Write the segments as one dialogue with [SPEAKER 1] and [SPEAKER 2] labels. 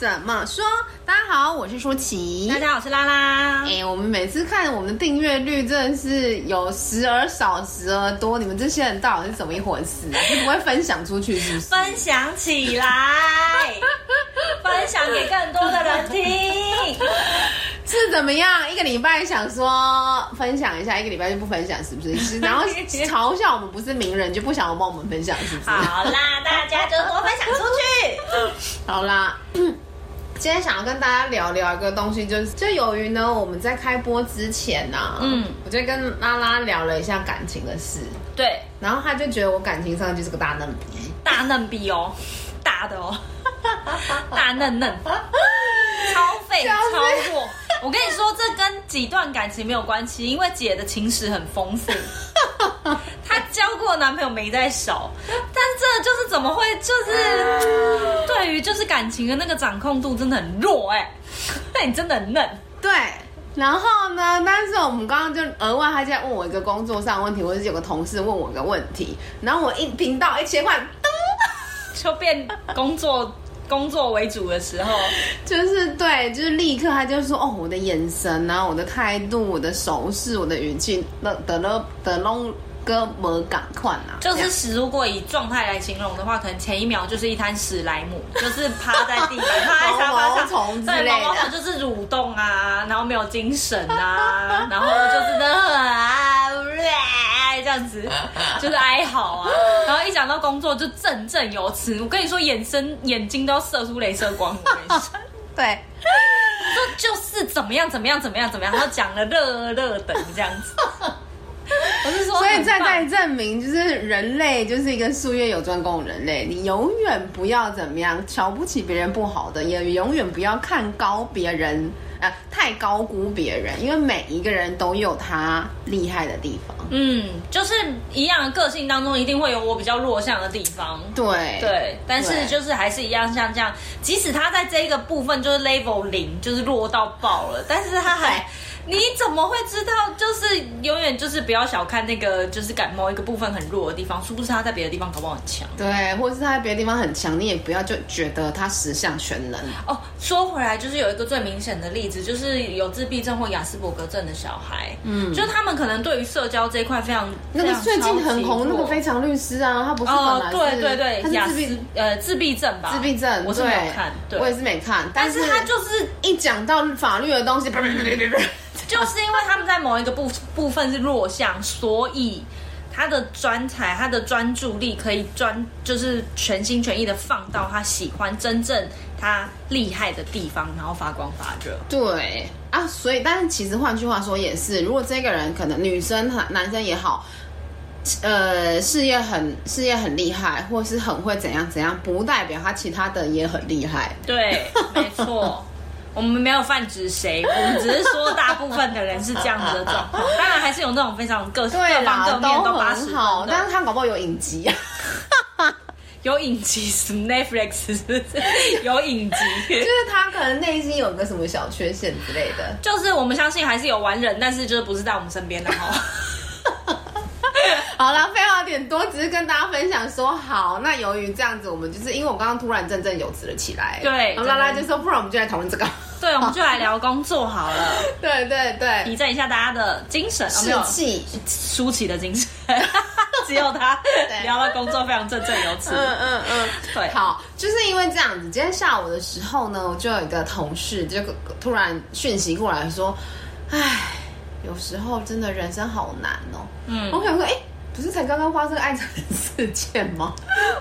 [SPEAKER 1] 怎麼說？大家好，我是舒娸。大家好，我是拉拉。哎、欸，我們每次看我們的訂閱率，真的是有時而少，時而多。你們這些人到底是怎麼一回事啊？就 不會分享出去，是不是？
[SPEAKER 2] 分享起來， 分享給更多的人
[SPEAKER 1] 聽。 是怎麼樣？一個禮拜想說分享一下，一個禮拜就不分享，是不是？ 然後嘲笑我們不是名人就不想要幫我們分享，是不是？好啦，大家就多分享出去。 好啦，嗯今天想要跟大家聊聊一個東西，就是，就是就由於呢，我們在開播之前呢，啊，嗯，我就跟拉拉聊了一下感情的事，對，然後她就覺得我感情上就是個大嫩逼。大嫩逼哦， 大的哦， 大嫩嫩，
[SPEAKER 2] 超肥，肥超過
[SPEAKER 1] 我跟你說，這跟
[SPEAKER 2] 幾段感情沒有關係，因為姐的情史很豐富。 不過男朋友沒在手，但這就是怎麼會？就是對於就是感情的那個掌控度真的很弱哎、欸。但 你真的很嫩。對，
[SPEAKER 1] 然後呢？但是我們剛剛就額外他在問我一個工作上的問題，或者是有個同事問我一個問題，然後我一頻道一切換，就變工作 工作為主的時候，就是對，就是立刻他就說：“哦，我的眼神、啊，然後我的態度，我的手勢，我的語氣，得得嘍得嘍。”哥沒敢看啊，
[SPEAKER 2] 就是史。如果以狀態來形容的話，可能前一秒就是一灘史萊姆， 就是趴在地板，趴在沙發上之類的。毛毛蟲就是蠕動啊，然後沒有精神啊， 然後就是的很、啊啊啊，這樣子，就是哀嚎啊。然後一講到工作就振振有詞。我跟你說，眼神、眼睛都要射出鐳射光。射 對， 就就是怎麼樣，怎麼樣，怎麼樣，怎麼樣。然後講了熱熱等這樣子。
[SPEAKER 1] 我是說，所以再再證明，就是人類就是一個術業有專攻，人類你永遠不要怎麼樣瞧不起別人不好的，也永遠不要看高別人，呃，太高估別人，因為每一個人都有他厲害的地方。嗯，
[SPEAKER 2] 就是一樣，個性當中一定會有我比較弱項的地方。對對，但是就是還是一樣，像這樣，即使他在這一個部分就是 level 零，就是弱到爆了，但是他還。你怎麼會知道？就是永遠就是不要小看那個，就是感冒一個部分很弱的地方，是不是他在別的地方搞不好很強？
[SPEAKER 1] 對，或者是他在別的地方很強，你也不要就覺得他十項全能
[SPEAKER 2] 哦。說回來，就是有一個最明顯的例子，就是有自閉症或亞斯伯格症的小孩，嗯，就是他們可能對於社交這一塊非常那個最近很紅那個
[SPEAKER 1] 非常律師啊，他不是哦、呃，對對對，他是自閉雅
[SPEAKER 2] 斯呃自閉症吧，自閉症，我是沒有看對對，我也是
[SPEAKER 1] 沒看，但是他就是一講到法律的東西。呃對對對對
[SPEAKER 2] 就是因為他們在某一個部部分是弱項，所以他的專才、他的專注力可以專，就是全心全意的放到他喜歡、真正他厲害的地方，然後發光發熱。
[SPEAKER 1] 對啊，所以但是其實換句話說也是，如果這個人可能女生、男生也好，呃，事業很事業很厲害，或是很會怎樣怎樣，不代表他其他的也很厲害。
[SPEAKER 2] 對，沒錯。 我們沒有泛指誰，我們只是說大部分的人是這樣子的狀況。 當然還是有那種非常各對、啊、各方各面都八十分的，都很好，但是他搞不好有隱疾啊。 有隱疾是 Netflix，有隱疾、就是、
[SPEAKER 1] 就是他可能內心有個什麼小缺陷之類的。就是我們相信
[SPEAKER 2] 還是有完人，但是就是不是在我們身邊的哈。
[SPEAKER 1] 好了，廢話有點多，只是跟大家分享說好。那由於這樣子，我們就是因為我剛剛突然振振有詞了起來，對，然後拉拉就說，不然我們就來討論這個，對，我們就來聊工作好了，對對對，
[SPEAKER 2] 提振一下大家的精神，士氣，舒娸的精神，
[SPEAKER 1] 只有他聊到工作非常振振有詞，嗯嗯嗯，對。好，就是因為這樣子，今天下午的時候呢，我就有一個同事就突然訊息過來說，哎，有時候真的人生好難哦，嗯，我想說，哎。不是才剛剛發生艾成的事件嗎？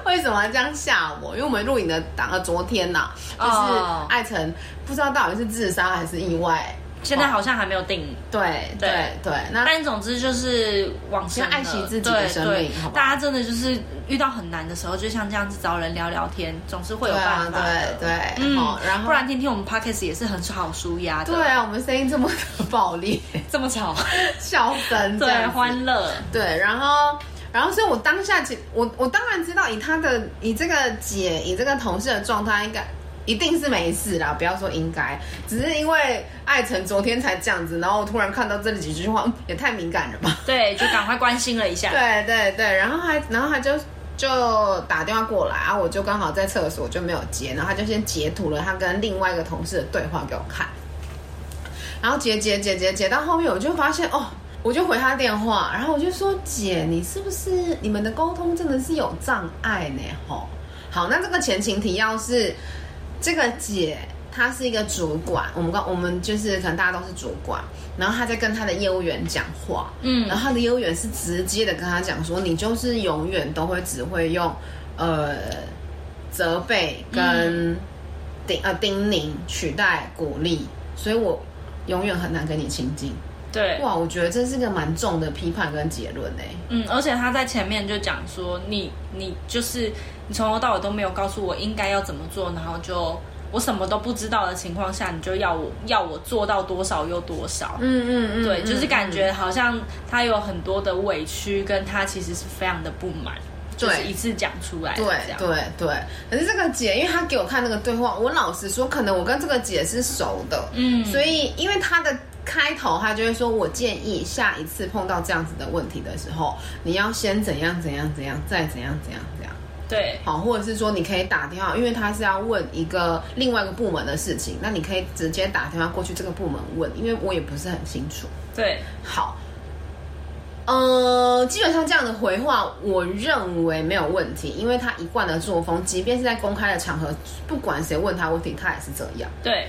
[SPEAKER 1] 為什麼還這樣嚇我？因為我們錄影的檔，昨天吶、啊，就是艾成不知道到底是自殺還是意外。
[SPEAKER 2] 現在好像還沒有定，
[SPEAKER 1] 對對對，那但總之就是，往要愛惜自己的生命。大
[SPEAKER 2] 家真的就是遇到很難的時候，就像這樣子找人聊聊天，總是會有辦法對對，嗯，
[SPEAKER 1] 然後不然聽聽我們 podcast 也是很好舒壓的。對啊，我們聲音這麼的暴力，這麼吵，笑聲，對，歡樂。對，然後，然後，所以，我當下，我我當然知道，以他的，以這個姐，以這個同事的狀態，應該。一定是沒事啦，不要說應該，只是因為艾晨昨天才這樣子，然後我突然看到這幾句話，也太敏感了吧？對，就趕快關心了一下。 對對對，然後還然後他就就打電話過來，啊，我就剛好在廁所，就沒有接，然後他就先截圖了他跟另外一個同事的對話給我看，然後截截截截截到後面，我就發現哦，我就回他電話，然後我就說姐，你是不是你們的溝通真的是有障礙呢？吼，好，那這個前情提要是。這個姐，她是一個主管，我們剛我們就是可能大家都是主管，然後她在跟她的業務員講話，嗯，然後她的業務員是直接的跟她講說，嗯、你就是永遠都會只會用，呃，責備跟，叮啊、嗯呃、叮嚀取代鼓勵，所以我永遠很難跟你親近。對，哇，我覺得這是一個蠻重的批判跟結論嘞、欸。嗯，
[SPEAKER 2] 而且她在前面就講說，你你就是。你從頭到尾都沒有告訴我應該要怎麼做，然後就我什麼都不知道的情況下，你就要我要我做到多少又多少。嗯嗯
[SPEAKER 1] 嗯，嗯對，嗯、就是感覺好像
[SPEAKER 2] 他有很多的委屈，嗯、跟他其實是非常的
[SPEAKER 1] 不滿，對就是一次講出來的對。對對對。可是這個姐，因為他給我看那個對話，我老實說，可能我跟這個姐是熟的，嗯，所以因為他的開頭，他就會說，我建議下一次碰到這樣子的問題的時候，你要先怎樣怎樣怎樣，再怎樣怎樣。對，好，或者是說你可以打電話，因為他是要問一個另外一個部門的事情，那你可以直接打電話過去這個部門問，因為我也不是很清楚。對，好，呃，基本上這樣的回話，我認為沒有問題，因為他一貫的作風，即便是在公開的場合，不管誰問他問題，他也是這樣。對，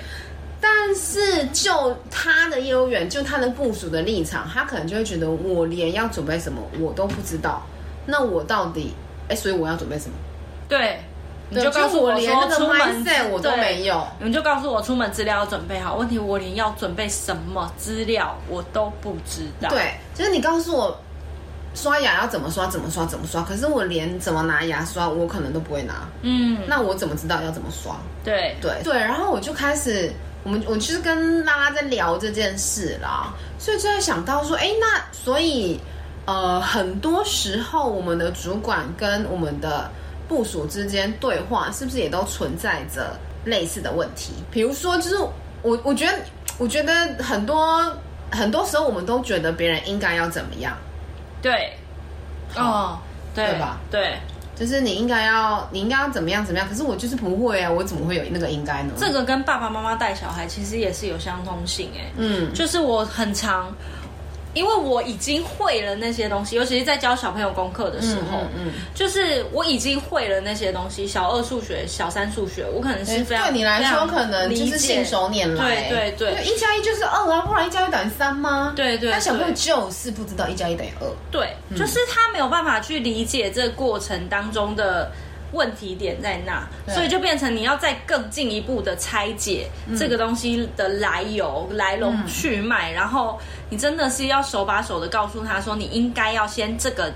[SPEAKER 1] 但是就他的優越，就他的部署的立場，他可能就會覺得我連要準備什麼我都不知道，那我到底。欸、所以我要準備什麼？對，你就告訴我，連那個 mindset 我都
[SPEAKER 2] 沒有。你就告訴我出門資料要準備好。問題我連要準備什麼資料
[SPEAKER 1] 我都不知道。對，就是你告訴我刷牙要怎麼刷，怎麼刷，怎麼刷。可是我連怎麼拿牙刷，我可能都不會拿。嗯，那我怎麼知道要怎麼刷？對對對。然後我就開始，我們我其實跟媽媽在聊這件事啦，所以就在想到說，哎、欸，那所以。呃，很多時候我們的主管跟我們的部署之間對話，是不是也都存在着類似的問題？比如說，就是我我覺得，我覺得很多很多時候，我們都覺得別人應該要怎麼樣？對，哦，哦對，對吧？對，就是你應該要，你應該要怎麼樣，怎麼樣？可是我就是不會啊，我怎麼會有那個應該呢？這個
[SPEAKER 2] 跟爸爸媽媽帶小孩其實也是有相通性。哎、欸，嗯，就是我很常。因為我已經會了那些東西，尤其是在教小朋友功課的時候，嗯嗯、就是我已經會了那些東西。小二數學、小三數學，我可能是非常，對你來說可能就是信手拈來。對對對，對對一
[SPEAKER 1] 加一就是二啊，不然一加一等於三嗎？對對，那小朋友就是不知道一加一等於二。對，
[SPEAKER 2] 對嗯、就是他沒有辦法去理解這過程當中的。問題點在那，對所以就變成你要再更進一步的拆解這個東西的來由，嗯、來龍去脈，嗯、然後你真的是要手把手的告訴他說，你應該要先這個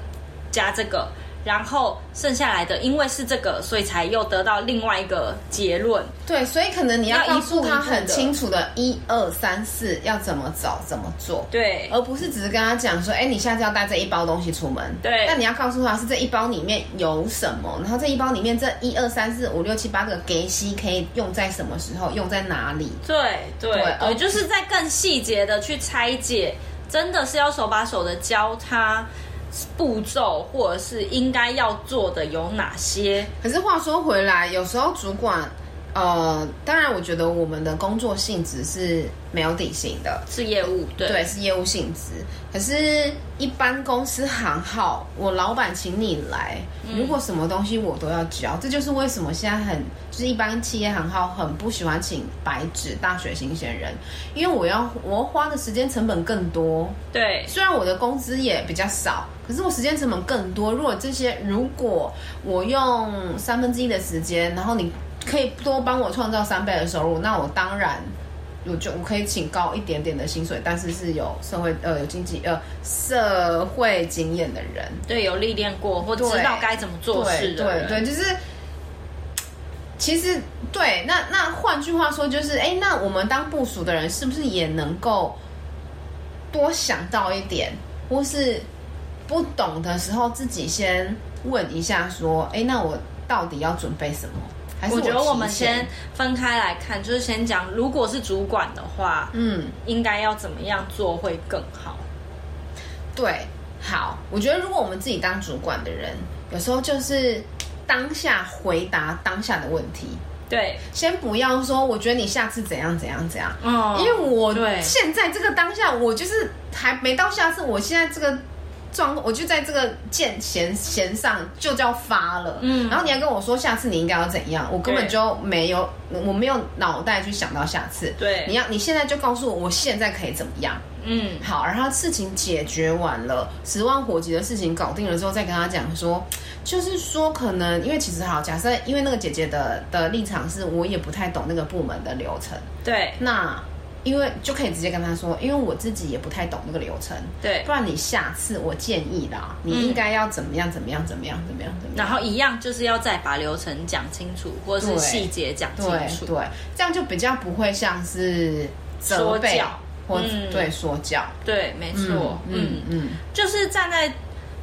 [SPEAKER 2] 加這個。然後剩下來的，因為是這個，所以才又得到另外一個結論。
[SPEAKER 1] 對，所以可能你要告訴他很清楚的一二三四要怎麼走怎麼做。對，而不是只是跟他講說，哎，你下次要帶這一包東西出門。對。但你要告訴他，是這一包裡面有什麼，然後這一包裡面這一二三四五六七八個給 C 可以用在什麼時候，用在哪裡。
[SPEAKER 2] 對對。而對 OK 就是在更細節的去拆解，真的是要手把手的教他。步驟或者是應該要做的
[SPEAKER 1] 有哪些？可是話說回來，有時候主管，呃，當然我覺得我們的工作性質是沒有底薪的，是業務，對，對，是業務性質。可是，一般公司行號，我老闆請你來，如果什麼東西我都要教，嗯，這就是為什麼現在很就是一般企業行號很不喜歡請白紙大學新鮮人，因為我要我要花的時間成本更多，對，雖然我的工資也比較少。可是我時間成本更多。如果這些，如果我用三分之一的時間，然後你可以多幫我創造三倍的收入，那我當然，我就我可以請高一點點的薪水，但是是有社會呃有經濟呃社會經驗的人，
[SPEAKER 2] 對，有歷練過或知道該怎麼做是
[SPEAKER 1] 的對對，對，就是其實對。那那換句話說，就是哎、欸，那我們當部署的人，是不是也能夠多想到一點，或是不懂的時候，自己先問一下，說：“哎、欸，那我到底要準備什麼？”還是我，我覺得我們先
[SPEAKER 2] 分開來看，就是先講，如果是主管的話，嗯，應該要怎麼樣做
[SPEAKER 1] 會更好？對，好，我覺得如果我們自己當主管的人，有時候就是當下回答當下的問題。對，先不要說，我覺得你下次怎樣怎樣怎樣。哦，因為我現在這個當下，對我就是還沒到下次，我現在這個。我就在這個箭弦弦上就叫發了，嗯，然後你還跟我說下次你應該要怎樣，我根本就沒有，我沒有腦袋去想到下次。對，你要你現在就告訴我，我現在可以怎麼樣？嗯，好，然後事情解決完了，十萬火急的事情搞定了之後再跟他講說，就是說可能因為其實哈，假設因為那個姐姐的的立場是我也不太懂那個部門的流程，對，那。因為就可以直接跟他說，因為我自己也不太懂那個流程。對，不然你下次我建議啦，嗯、你應該要怎麼樣怎麼樣怎麼樣怎麼樣怎麼樣。然後
[SPEAKER 2] 一樣就是要再把流程講清楚，或者是細節講清楚
[SPEAKER 1] 對，對，這樣就比較不會像是說教腳，或，嗯、對說教，
[SPEAKER 2] 對，沒錯，嗯，嗯嗯，就是站在。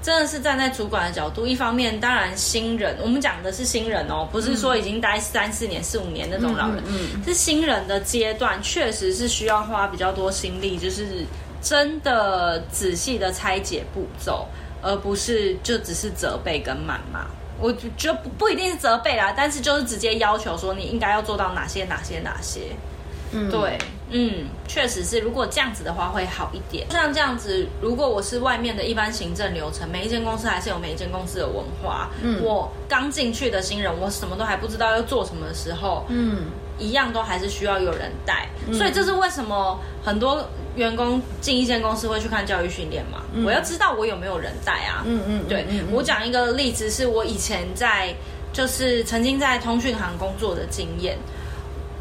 [SPEAKER 2] 真的是站在主管的角度，一方面當然新人，我們講的是新人哦，不是說已經待三四年，嗯、四五年那種老人。嗯，嗯，嗯，是新人的階段，確實是需要花比較多心力，就是真的仔細的拆解步驟，而不是就只是責備跟謾罵。我覺得不不一定是責備啦，但是就是直接要求說，你應該要做到哪些哪些哪些。嗯，對，嗯，確實是。如果這樣子的話，會好一點。像這樣子，如果我是外面的一般行政流程，每一間公司還是有每一間公司的文化。嗯，我剛進去的新人，我什麼都還不知道要做什麼的時候，嗯，一樣都還是需要有人帶。嗯，所以這是為什麼很多員工進一間公司會去看教育訓練嘛？嗯，我要知道我有沒有人帶啊？嗯嗯，嗯嗯對。我講一個例子，是我以前在，就是曾經在通訊行工作的經驗，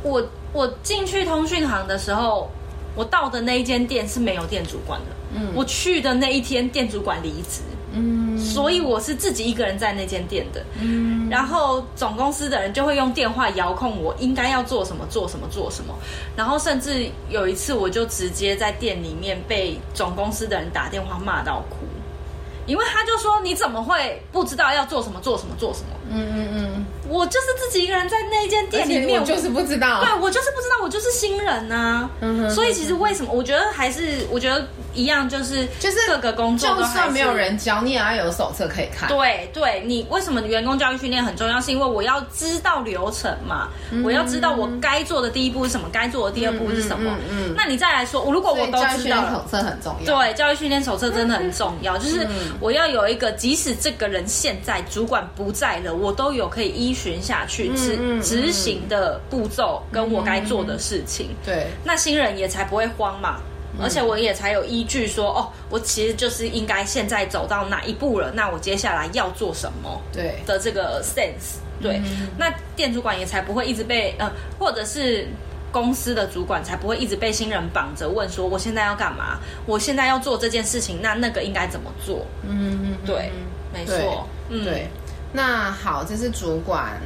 [SPEAKER 2] 我。我進去通訊行的時候，我到的那一間店是沒有店主管的。嗯，我去的那一天，店主管離職。嗯，所以我是自己一個人在那間店的。嗯，然後總公司的人就會用電話遙控我，應該要做什麼，做什麼，做什麼。然後甚至有一次，我就直接在店裡面被總公司的人打電話罵到哭，因為他就說：“你怎麼會不知道要做什麼，做什麼，做什麼？”嗯嗯嗯。我就是自己一個人在那間店裡面，我就是不知道，我對，我就是不知道，我就是新人呢、啊，嗯、哼所以其實為什麼？嗯、哼我覺得還是我覺得。一樣就是就是各個工作，就算沒有人
[SPEAKER 1] 教你，也要有手冊可以看。對
[SPEAKER 2] 對，你為什麼員工教育訓練很重要？是因為我要知道流程嘛？我要知道我該做的第一步是什麼，該做的第二步是什麼？嗯，那你再來說，我如果我都知道了，手
[SPEAKER 1] 冊很重要。對，
[SPEAKER 2] 教育訓練手冊真的很重要，就是我要有一個，即使這個人現在主管不在了，我都有可以依循下去執執行的步驟，跟我該做的事情。對，那新人也才不會慌嘛。而且我也才有依據說哦，我其實就是應該現在走到哪一步了，那我接下來要做什麼？對的，這個 sense。對，對，嗯，那店主管也才不會一直被呃，或者是公司的主管才不會一直被新人綁着問說，我現在要幹嘛？我現在要做這件事情，那那個應該怎麼做？嗯，對，沒錯，
[SPEAKER 1] 對。那好，這是主管。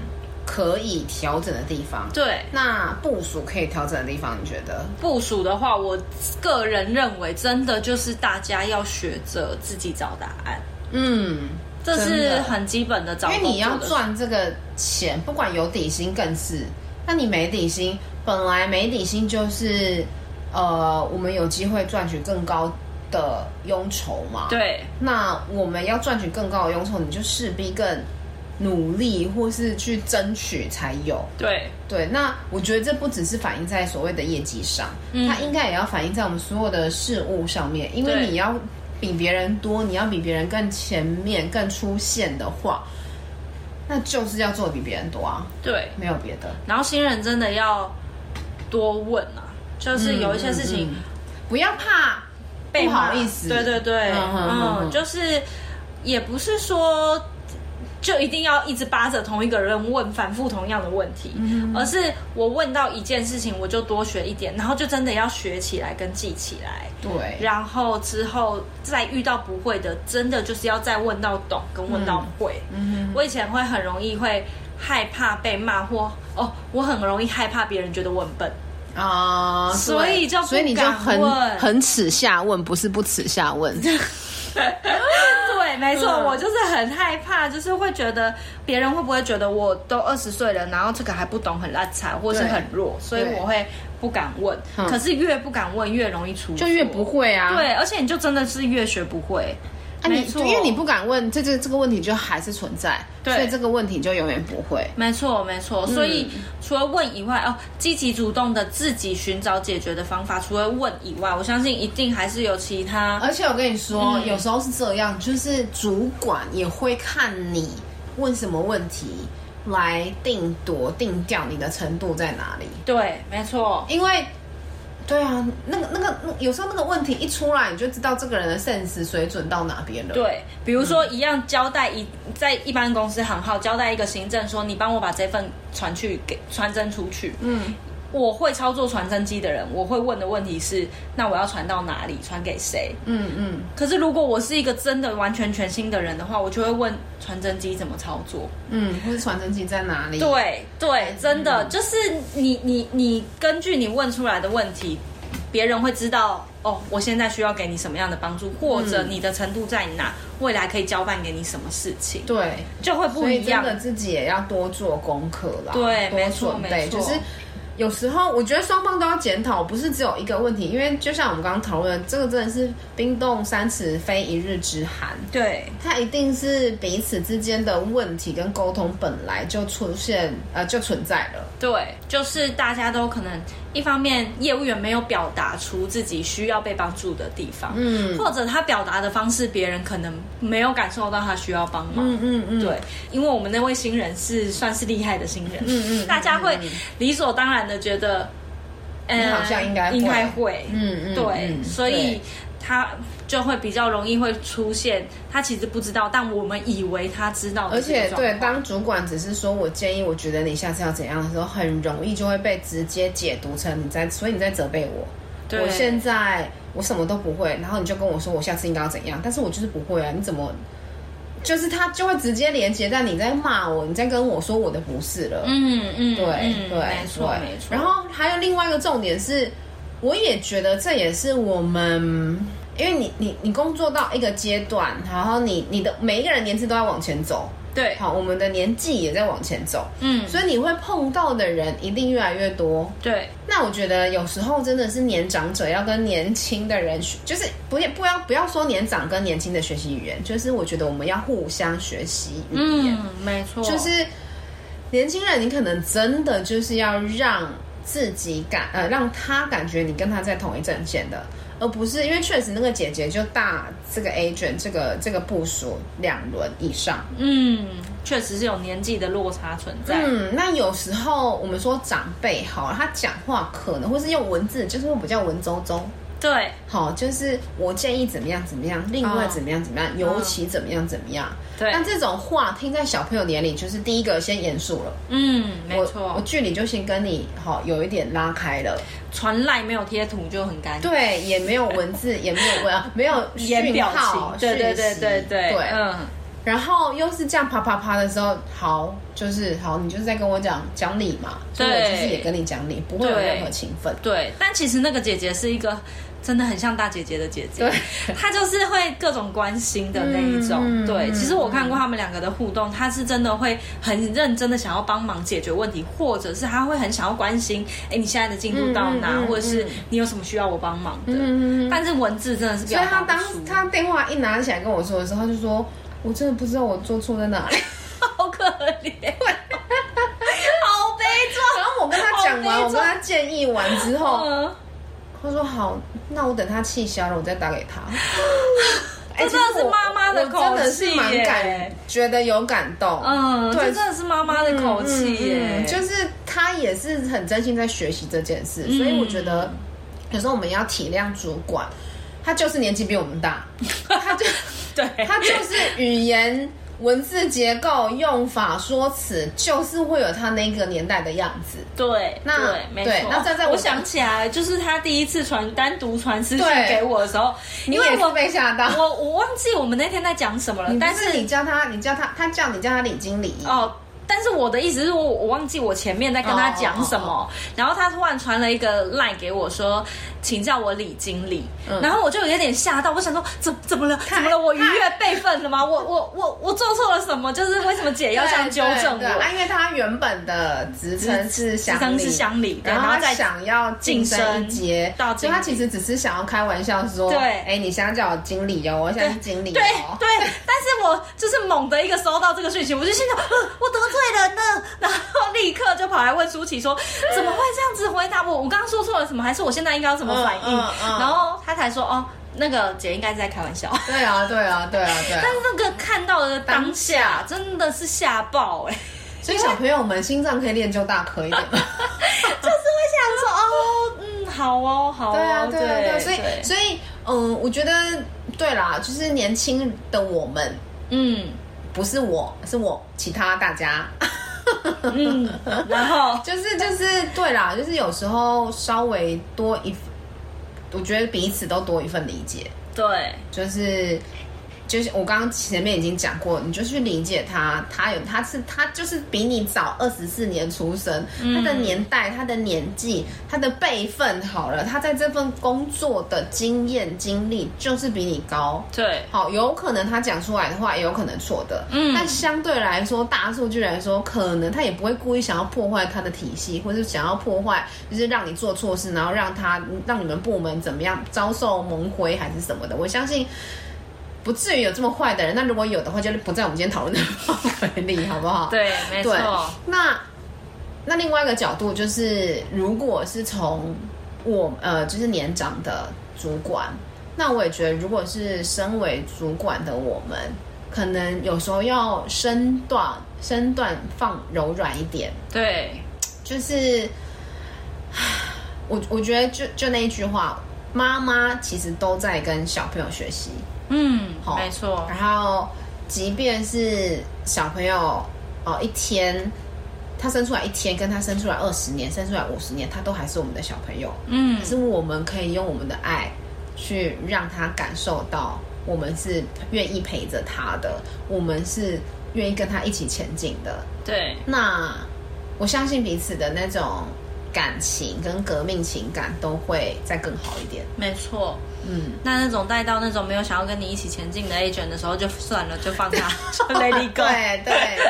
[SPEAKER 1] 可以調整的地方，對，那部署可以調整的地方，你覺得？部署的話，我
[SPEAKER 2] 個人認為，真的就是大家要學着自己找答案。嗯，這是很
[SPEAKER 1] 基本的，找。因為你要賺這個錢，不管有底薪更是。那你沒底薪，本來沒底薪就是，呃，我們有機會賺取更高的佣酬嘛。對，那我們要賺取更高的佣酬，你就勢必更。努力或是去爭取才有對。對對，那我覺得這不只是反映在所謂的業績上，嗯、它應該也要反映在我們所有的事物上面。因為你要比別人多，對你要比別人更前面、更出現的話，那就是要做比別人多啊。
[SPEAKER 2] 對，沒有別的。然
[SPEAKER 1] 後新人真
[SPEAKER 2] 的要多問啊，就是有一些事情、嗯嗯嗯、不要怕，話不好意思。對對對，嗯，呵呵呵嗯，就是也不是說。就一定要一直扒着同一個人問，反覆同樣的問題，嗯、哼而是我問到一件事情，我就多學一點，然後就真的要學起來跟記起來。對，然後之後再遇到不會的，真的就是要再問到懂跟問到不會。嗯哼，我以前會很容易會害怕被罵，或哦，我很容易害怕別人覺得我很笨
[SPEAKER 1] 啊，哦、所以就不敢問，所以你就很很恥下問，不是不恥下問。
[SPEAKER 2] 對，沒錯，我就是很害怕，就是會覺得別人會不會覺得我都二十歲了，然後這個還不懂，很爛慘，或是很弱，對所以我會不敢問。對可是越不敢問，嗯、越容易出，就越
[SPEAKER 1] 不會啊。對，而且你就真的是越學不會。啊、你，錯因為你不敢問，這這個、這個問題就還是存在，對所以這個問題就永遠不會。沒錯，沒錯。所以除了問以
[SPEAKER 2] 外，嗯、哦，積極主動的自己尋找解決的方法，除了問以外，我相信一定還是
[SPEAKER 1] 有其他。而且我跟你說，嗯、有時候是這樣，就是主管也會看你問什麼問題來定奪、定調你的程度在哪裡。對，沒錯，因為。對啊、那個，那個、那個，有時候那個問題一出來，你就知道這個人的 sense 水準到哪邊了。對，
[SPEAKER 2] 比如說一樣交代一、嗯、在一般公司行號交代一個行政說：“你幫我把這份傳去給傳真出去。”嗯。我會操作傳真機的人，我會問的問題是：那我要傳到哪裡？傳給誰？嗯
[SPEAKER 1] 嗯。
[SPEAKER 2] 嗯，可是如果我是一個真的完全全新的人的話，我就會問傳真機怎麼操
[SPEAKER 1] 作？嗯，或是傳真機在哪裡？對
[SPEAKER 2] 對，真的、嗯、就是你你你根據你問出來的問題，別人會知道哦，我現在需要給你什麼樣的幫助，或者你的程度在哪，未來可以交辦給你什麼事情？對、
[SPEAKER 1] 嗯，就會不一樣。真的自己也要多做功課了，對、多做、沒，沒錯沒錯有時候我覺得雙方都要檢討，不是只有一個問題，因為就像我們剛剛討論的，這個真的是冰凍三尺非一日之寒。對，它一定是彼此之間的問題跟溝通本來就出現，呃、就存在了。
[SPEAKER 2] 對，就是大家都可能一方面業務員沒有表達出自己需要被幫助的地方，嗯，或者他表達的方式，別人可能沒有感受到他需要幫忙。嗯嗯嗯，對，因為我們那位新人是算是厲害的新人，嗯嗯，嗯嗯，大家會理所當然。覺得，嗯、你好像應該不太會，嗯嗯，嗯對，所以對他就會比較容易會出現，他其實不知道，但我們以為他知道。而且，對，
[SPEAKER 1] 當主管只是說我建議，我覺得你下次要怎樣的時候，很容易就會被直接解讀成你在，所以你在責備我。對我現在我什麼都不會，然後你就跟我說我下次應該要怎樣，但是我就是不會啊，你怎麼？就是他就會直接連接在你在罵我，你在跟我說我的不是了。嗯嗯，對、嗯、對對，沒錯。然後還有另外一個重點是，我也覺得這也是我們，因為你你你工作到一個階段，然後你你的每一個人年紀都要往前走。對，好，我們的年紀也在往前走，嗯，所以你會碰到的人一定越來越多。對，那我覺得有時候真的是年長者要跟年輕的人學，就是不要不要不要說年長跟年輕的學習語言，就是我覺得我們要互相學習語言，嗯，沒錯，就是年輕人，你可能真的就是要讓自己感呃讓他感覺你跟他在同一陣線的。而、哦、不是因為確實那個姐姐，就大這個 agent 這個這個部署兩輪以上，
[SPEAKER 2] 嗯，確實是有年紀的落差存在。嗯，
[SPEAKER 1] 那有時候我們說長輩，好、啊，他講話可能會是用文字，就是會比較文縐縐。對，好，就是我建議怎麼樣怎麼樣，另外怎麼樣怎麼樣，哦、尤其怎麼樣怎麼樣。對、嗯，但這種話聽在小朋友眼裡，就是第一個先嚴肅了。嗯，
[SPEAKER 2] 沒錯，
[SPEAKER 1] 我距離就先跟你好有一點拉開了。傳賴沒有貼圖就很乾淨，對，也沒有文字，也沒有文啊， 沒有訊號，表情息對對對對對，對嗯。然後又是這樣啪啪啪的時候，好。就是好，你就是在跟我講講理嘛，對所以我其實也跟你講理，不會有任何情分。
[SPEAKER 2] 對，對，但其實那個姐姐是一個真的很像大姐姐的姐姐，對她就是會各種關心的那一種。嗯、對，嗯、其實我看過他們兩個的互動，她是真的會很認真的想要幫忙解決問題，或者是她會很想要關心，哎、欸，你現在的進度到哪？嗯嗯嗯嗯、或者是你有什麼需要我幫忙
[SPEAKER 1] 的。嗯嗯嗯、但是文字真的是比較。所以她當她電話一拿起來跟我說的時候，她就說：“我真的不知道我做錯在哪裡。” 好悲壯。 然後我跟他講完，悲我跟他建議完之後，嗯、他說好，那我等他氣消了，我再打給他。我真的是媽媽的口氣，真的是蠻感，覺得有感動。嗯，對這真的是媽媽的口氣耶、嗯嗯、就是他也是很真心在學習這件事，嗯、所以我覺得有時候我們要體諒主管，他就是年紀比我們大，他就 對他就是語言。文字結構、用法、說辭，就是會有他那個年代的樣子。對，那對，那再在我
[SPEAKER 2] 想起來，就是他第一次傳單獨傳私信給我的時候，對因為我沒想到，我我忘記我們那天在講什麼了。但是你叫他，是你叫他，他叫你叫他李經理哦。但是我的意思是我，我我忘記我前面在跟他講什麼，哦哦哦哦然後他突然傳了一個賴給我說。請叫我李經理，嗯、然後我就有點嚇到，我想說怎怎麼了？怎麼了？我逾越輩分了嗎？我我我我做錯了什麼？
[SPEAKER 1] 就是為什麼姐要這樣糾正我？啊、因為她原本的職稱是襄理，然後他想要晉升一階到，所以她其實只是想要開玩笑說，哎對、欸，你想要叫我經理哦、喔，我想。是經理對、喔、
[SPEAKER 2] 對，對對 但是我就是猛的一個收到這個訊息，我就心想，呃，我得罪人呢。然後立刻就跑來問舒娸說，怎麼會這樣子？回答我， 我剛剛說錯了什麼？還是我現在應該要什麼？反應，然後他才說：“哦，那個姐應該是在開玩笑。”“對啊，對
[SPEAKER 1] 啊，對啊，對。”但是那個看到的當下，真的是嚇爆哎！所以小朋友們心臟可以練就大顆一點。就是會想說哦，嗯，好哦，好哦，對啊，對啊，對。所以，所以，嗯，我覺得對啦，就是年輕的我們，嗯，不是我，是我其他大家。嗯，然後就是就是對啦，就是有時候稍微多一。我覺得彼此都多一份理解，對，就是。就是我剛剛前面已經講過，你就去理解他，他有他是他就是比你早二十四年出生，嗯、他的年代、他的年紀、他的輩分好了，他在這份工作的經驗、經歷就是比你高。對，好，有可能他講出來的話也有可能錯的，嗯，但相對來說，大數據來說，可能他也不會故意想要破壞他的體系，或者是想要破壞，就是讓你做錯事，然後讓他讓你們部門怎麼樣遭受蒙灰還是什麼的，我相信。不至於有這麼壞的人。那如果有的話，就不在我們今天討論的範圍裡，好不好？對，沒錯。那那另外一個角度就是，如果是從我呃，就是年長的主管，那我也覺得，如果是身為主管的我們，可能有時候要身段身段放柔軟一點。對，就是我我覺得就就那一句話，媽媽其實都在跟小朋友學習。嗯，好，沒錯。然後，即便是小朋友哦、呃，一天他生出來一天，跟他生出來二十年，生出來五十年，他都還是我們的小朋友。嗯，是，我們可以用我們的愛去讓他感受到，我們是願意陪着他的，我們是願意跟他一起前進的。對，那我相信彼此的那種。感情跟革命情感都會再更好一點。沒錯，嗯，那那
[SPEAKER 2] 種帶到那種沒有想要跟你一起前進的 agent 的時候，就算了，就放他。Lady 對對
[SPEAKER 1] 對，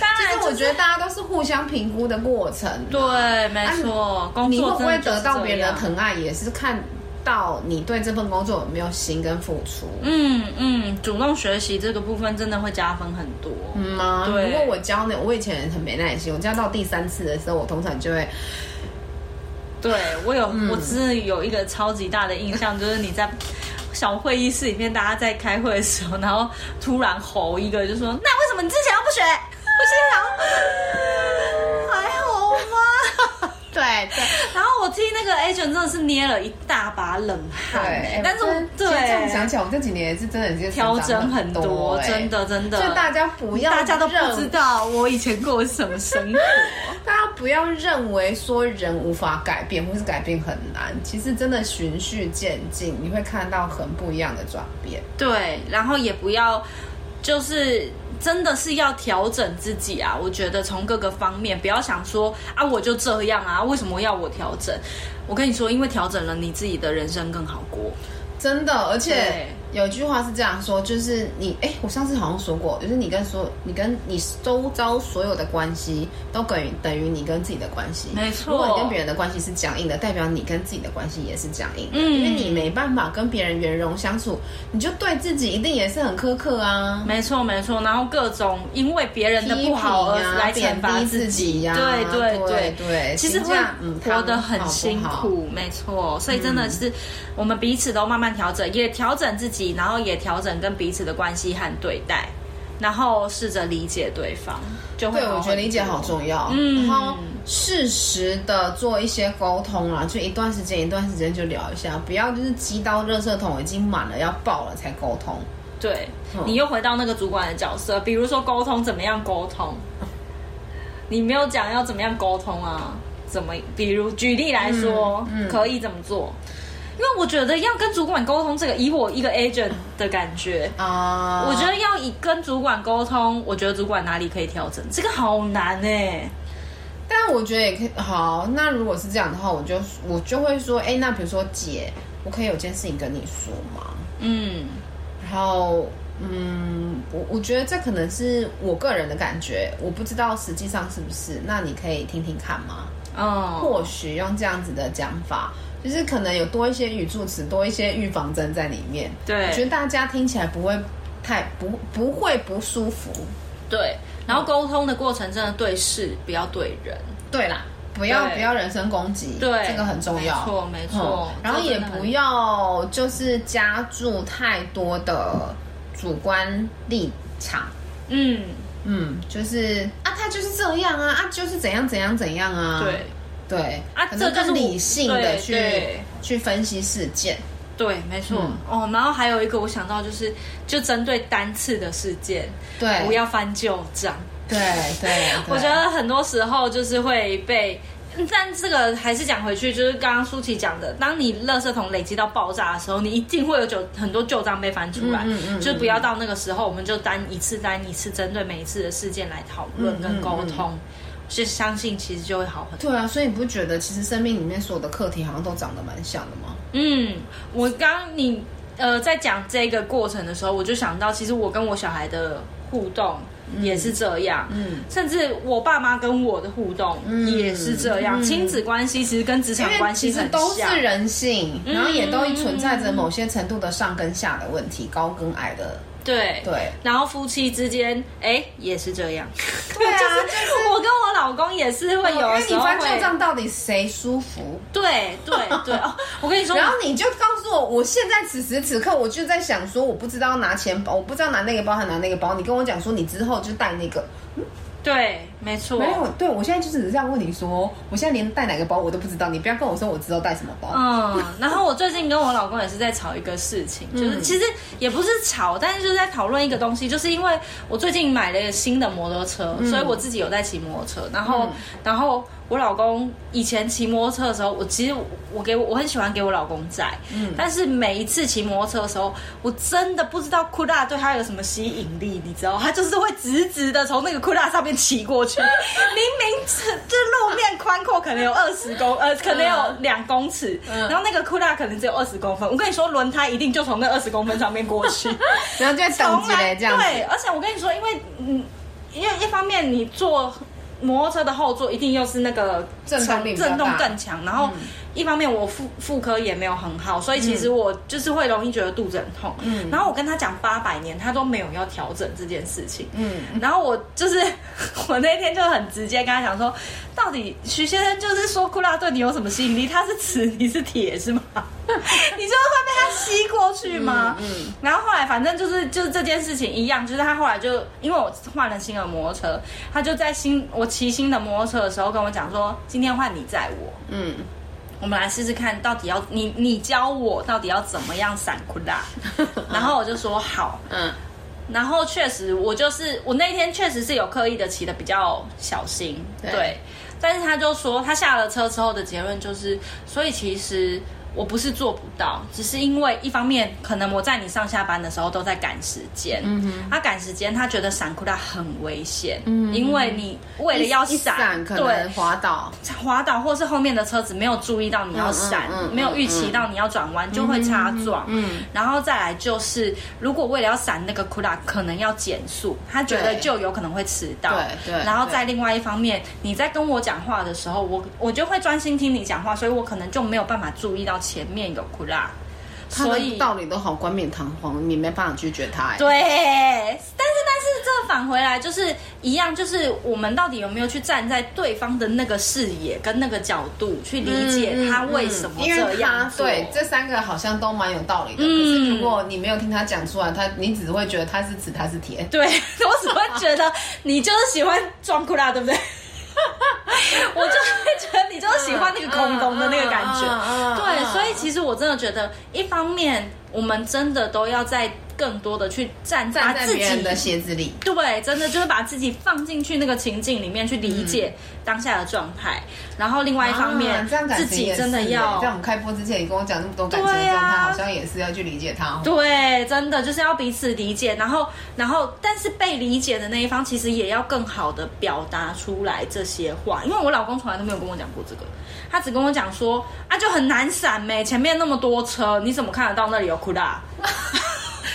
[SPEAKER 1] 當然我覺得大家都是互相評估的過程。對，沒錯，你不會得到別人的疼愛，也是看到你對這份工作有沒有心跟付出。
[SPEAKER 2] 嗯嗯，主動學習這個部分真的會加分很多。
[SPEAKER 1] 嗯對。不過我教你，我以前很沒耐心，我教到第三次的時候，我通常就會。對我有，嗯、我真
[SPEAKER 2] 的有一個超級大的印象，就是你在小會議室裡面，大家在開會的時候，然後突然吼一個，就說：“那為什麼你之前要不學？” 我現在想要， 還好嗎？對 對，然對後。 我聽那個 agent 真的是捏了一大把冷汗、欸，欸、但是我真對，我想
[SPEAKER 1] 想，我這幾年也是真的已經調整很、欸、很多，真的真的。所以大家不要，大家都不知道我以前過什麼生活。 大家不要認為說人無法改變，或是改變很難。其實真的循序漸進，你會看到很不一樣的轉變。
[SPEAKER 2] 對，然後也不要就是。真的是要調整自己啊！我覺得從各個方面，不要想說啊，我就這樣啊，為什麼要我調整？我跟你說，因為調整了，你自己的人生更好過，
[SPEAKER 1] 真的，而且。有一句話是這樣說，就是你哎、欸，我上次好像說過，就是你跟所你跟你周遭所有的關係都等於等於你跟自己的關係，沒錯錯。如果你跟別人的關係是僵硬的，代表你跟自己的關係也是僵硬，嗯，因為你沒辦法跟別人圓融相處，你就對自己一定也是很苛刻啊，沒錯沒錯。然後各種因
[SPEAKER 2] 為別人的不好而來貶低自己呀，對、啊啊、對對對，對對對，其實這樣活得很辛苦，好沒錯。所以真的是我們彼此都慢慢調整，嗯、也調整自己。然後也調整跟彼此的關係和對待，然後試着理
[SPEAKER 1] 解對方，就會好好對。我覺得理解好重要。嗯，然後適時的做一些溝通啊。就一段時間一段時間就聊一下，不要就是積到垃圾桶已經滿了要爆了才溝通。
[SPEAKER 2] 對、嗯、你又回到那個主管的角色，比如說溝通怎麼樣溝通？ 你沒有講要怎麼樣溝通啊？怎麼？比如舉例來說，嗯嗯、可以怎麼做？因為我覺得要跟主管溝通這個，以我一個 agent 的感覺啊，uh, 我覺得要以跟主管溝通，我覺得主
[SPEAKER 1] 管哪裡可以調整，這個好難哎、欸。但我覺得也可以，好，那如果是這樣的話，我就我就會說，哎、欸，那比如說姐，我可以有件事情跟你說嗎？嗯，然後嗯，我我覺得這可能是我個人的感覺，我不知道實際上是不是。那你可以聽聽看嗎？
[SPEAKER 2] 哦，oh. 或
[SPEAKER 1] 許用這樣子的講法。就是可能有多一些語助詞，多一些預防針在裡面。對，我覺得大家聽起來不會太不不會不舒服。
[SPEAKER 2] 對，然後溝通的過程真的對事，不要對人。
[SPEAKER 1] 對啦，不要對不要人身攻擊。對，這個很重要。沒錯，沒錯，嗯。然後也不要就是加注太多的主觀立場。嗯嗯，就是啊，他就是這樣啊，啊，就是怎樣怎樣怎樣啊。對。對啊，啊，這就是理性的去去分析事件。對，沒錯。嗯、哦，
[SPEAKER 2] 然後還有一個我想到就是，就針對單次的事件，
[SPEAKER 1] 對，不要
[SPEAKER 2] 翻舊賬。
[SPEAKER 1] 對對， 我覺
[SPEAKER 2] 得很多時候就是會被，但這個還是講回去，就是剛剛舒娸講的，當你垃圾桶累積到爆炸的時候，你一定會有很多舊賬被翻出來，嗯、就不要到那個時候，嗯、我們就單一次單一次針對每一次的事件來
[SPEAKER 1] 討論跟溝通。嗯嗯嗯是相信，其實就會好很多。對啊，所以你不覺得其實生命裡面所有的課題好像都長得蠻像的嗎？嗯，
[SPEAKER 2] 我剛你呃在講這個過程的時候，我就想到，其實我跟我小孩的互動也是這樣。嗯，嗯甚至我爸媽跟我的互動也是這樣。親、嗯嗯、子關
[SPEAKER 1] 係其實跟職場關係其實都是人性，然後也都存在着某些程度的上跟下的問題，嗯嗯嗯嗯、高跟矮的。
[SPEAKER 2] 對對，對然後夫妻之間，哎，也是這樣。對啊，就是、 我跟我老公也是會有時候。哦、因為你翻舊賬
[SPEAKER 1] 到底誰舒服？對對對、 哦，我跟你說你。然後你就告訴我，我現在此時此刻我就在想說，我不知道拿錢包，我不知道拿那個包還拿那個包。你跟我講說，你之後就帶那個。嗯對，沒錯。沒有，對，我現在就只是這樣問你說，我現在連帶哪個包我都不知道，你不要跟我說我知道帶什麼包。嗯，
[SPEAKER 2] 然後我最近跟我老公也是在吵一個事情，嗯、就是其實也不是吵，但是就是在討論一個東西，就是因為我最近買了一個新的摩托車，嗯、所以我自己有在騎摩托車，然後，嗯、然後。我老公以前騎摩托車的時候，我其實我給我我很喜歡給我老公載，嗯，但是每一次騎摩托車的時候，我真的不知道酷大對他有什麼吸引力，你知道，他就是會直直的從那個酷大上面騎過去， 明明就是這路面寬闊，可能有二十公 呃，可能有兩公尺，嗯，然後那個酷大可能只有二十公分，我跟你說，輪胎一定就從那二十公分上面過去， 然後就撞起來這樣子來對，而且我跟你說，因為嗯，因為一方面你坐。摩托車的後座一定又是那個震動震動更強，然後。一方面我婦婦科也沒有很好，所以其實我就是會容易覺得肚子很痛。嗯，然後我跟他講八百年，他都沒有要調整這件事情。嗯，然後我就是我那天就很直接跟他講說，到底徐先生就是說庫拉對你有什麼吸引力？他是磁，你是鐵，是嗎？ 你就會被他吸過去嗎？嗯，嗯，然後後來反正就是就是這件事情一樣，就是他後來就因為我換了新的摩托車，他就在新我騎新的摩托車的時候跟我講說，今天換你載我。嗯。我們來試試看，到底要你你教我到底要怎麼樣閃坤啦， 然後我就說好，嗯，然後確實我就是我那天確實是有刻意的騎得比較小心，對，對，但是他就說他下了車之後的結論就是，所以其實。我不是做不到，只是因為一方面，可能我在你上下班的時候都在趕時間，嗯嗯哼，他趕時間，他覺得閃庫拉很危險，嗯哼，因為你為了要閃，對，滑倒，滑倒，或是後面的車子沒有注意到你要閃，沒有預期到你要轉彎就會擦撞，嗯，嗯，嗯，嗯，嗯，嗯，然後再來就是，如果為了要閃那個庫拉，可能要減速，他覺得就有可能會遲到，對對，對對對，然後在另外一方面，你在跟我講話的時候，我我就會專心聽你講話，所以我可能就沒有辦法注意到。前面有酷辣，所以道理都好冠
[SPEAKER 1] 冕堂皇，以你沒辦法拒絕他、欸。
[SPEAKER 2] 對，但是但是這返回來就是一樣，就是我們到底有沒有去站在對方的那個視野跟那個角度去理解他為什麼這樣、嗯嗯。對，這
[SPEAKER 1] 三個好像都蠻有道理的。嗯、可是如果你沒有聽他講出來，他你只會覺得他是紙，他是鐵。對我只會覺得你就是喜歡裝酷辣，對不對？ 我就會覺得你就是喜歡那個空洞的那個感覺，對，所以
[SPEAKER 2] 其實我真的覺得，一方面我們真的都要在。更多的去站在他自己的鞋子裡，對，真的就是把自己放進去那個情景裡面去理解當下的狀態。嗯、然後另外一方面，啊、自己真的要在、欸、我們開
[SPEAKER 1] 播之前，你跟我講那麼多感情的狀態，啊、好像也是要去理解他。
[SPEAKER 2] 對，真的就是要彼此理解。然後，然後，但是被理解的那一方其實也要更好的表達出來這些話。因為我老公從來都沒有跟我講過這個，他只跟我講說啊，就很難閃沒、欸、前面那麼多車，你怎麼看得到那裡有、哦、哭啦？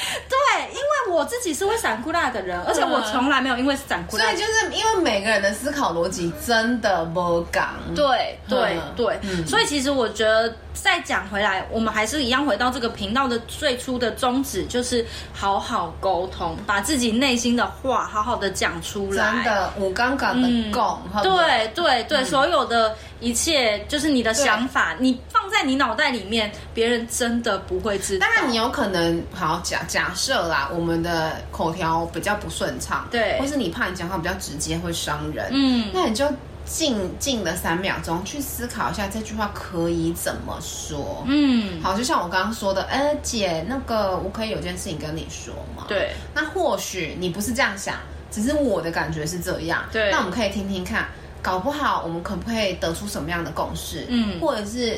[SPEAKER 2] 對，因為我自己是會閃哭辣的人，而且我從來沒有因為閃哭辣的人，嗯，所以就是因為
[SPEAKER 1] 每個人的思考邏輯真的不敢對對對，對對
[SPEAKER 2] 嗯，所以其實我覺得再講回來，我們還是一樣回到這個頻道的最初的宗旨，就是好好溝通，把自己內心的話好好的講出來。真的，我剛剛的共，嗯。對對對，嗯，所有的一切就是你的想法，對你放在你
[SPEAKER 1] 腦袋裡面，別人真的不會知道。當然，你有可能好好講。假設啦，我們的口條比較不順暢，對，或是你怕你講話比較直接會傷人，嗯，那你就靜靜的三秒鐘，去思考一下這句話可以怎麼說，嗯，好，就像我剛剛說的，哎、欸、姐，那個我可以有件事情跟你說嗎？對，那或許你不是這樣想，只是我的感覺是這樣，對，那我們可以聽聽看，搞不好我們可不可以得出什麼樣的共識，嗯，或者是。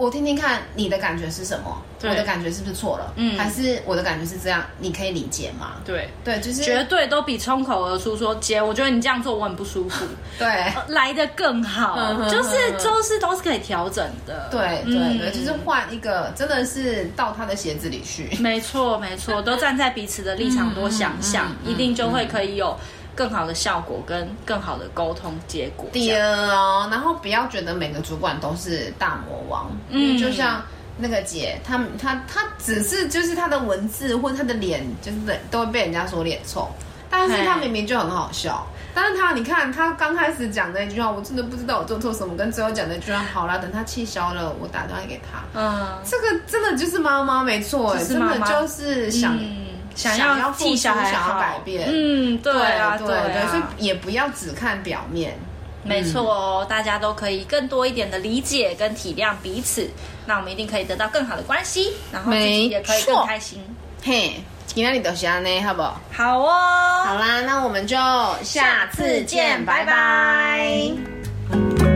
[SPEAKER 1] 我聽聽看你的感覺是什麼？對我的感覺是不是錯了？嗯，還是我的感覺是這樣？你可以理解嗎？對
[SPEAKER 2] 對，就是絕對都比衝口而出說“姐，我覺得你這樣做我很不舒
[SPEAKER 1] 服”對、呃、
[SPEAKER 2] 來得更好，呵呵呵就是周是都是可以調整的。對,嗯、對對對，就是
[SPEAKER 1] 換一個，真的是到他的鞋子裡去。
[SPEAKER 2] 沒錯沒錯，都站在彼此的立場多想想，嗯嗯嗯、一定就會可以有。更好的效果跟更好的溝通結果。對
[SPEAKER 1] 啊、哦，然後不要覺得每個主管都是大魔王。嗯，就像那個姐，她她她只是就是她的文字或者她的臉，就是都會被人家說臉臭，但是她明明就很好笑。嘿但是她，你看她剛開始講那一句話，我真的不知道我做錯什麼。跟最後講那句話，好啦，等她氣消了，我打電話給她。嗯，這個真的就是媽媽，沒錯、欸，媽媽真的就是想。嗯想要技巧，想要，想要百變，嗯，對啊，對對，啊對，所以也不要只看表面，
[SPEAKER 2] 沒錯錯哦，嗯、大家都可以更多一點的理解跟體諒彼此，嗯、那我們一定可以得到更好的關係，然後自己也可以更開
[SPEAKER 1] 心。嘿，今天你都學呢，好不好？好哦，好啦，那我們就下次見，次見拜拜。嗯